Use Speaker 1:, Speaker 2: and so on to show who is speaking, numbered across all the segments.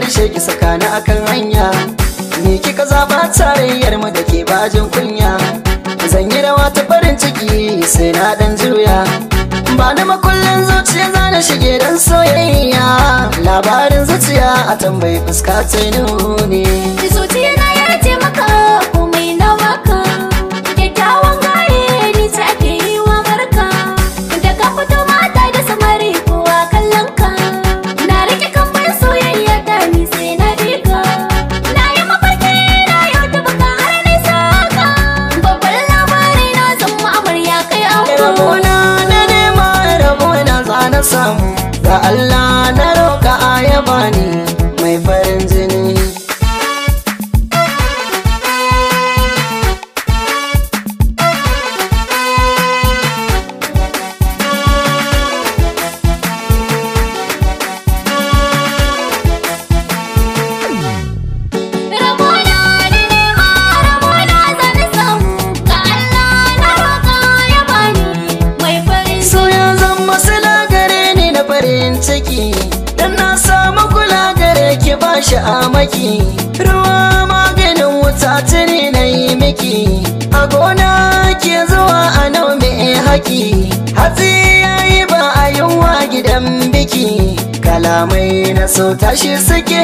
Speaker 1: karshe ki sakani akan hanya ni kika zaba tarayyar mu da ke bajin kunya zan yi rawa ta farin ciki sai na dan juya ba na makullin zuciya za na shige dan soyayya labarin zuciya a tambayi fuska ta nuni zuciya na ya taimaka na samu da Allah a maki ruwa maganin wuta tuni na yi miki a gona ke zuwa a nau mai haki hatsi ya yi ba a yunwa gidan biki kalamai na so tashi suke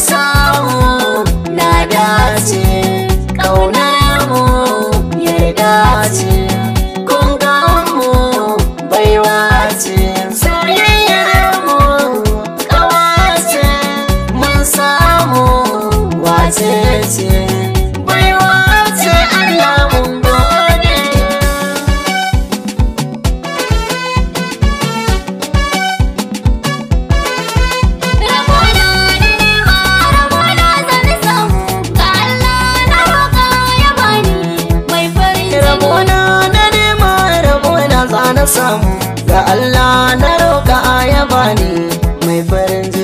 Speaker 1: samu na dace ƙaunar mu yarda ce kun mu baiwa ce soyayyar mu ƙawa ce mun samu wace ce ga Allah na roƙa ya ni mai farin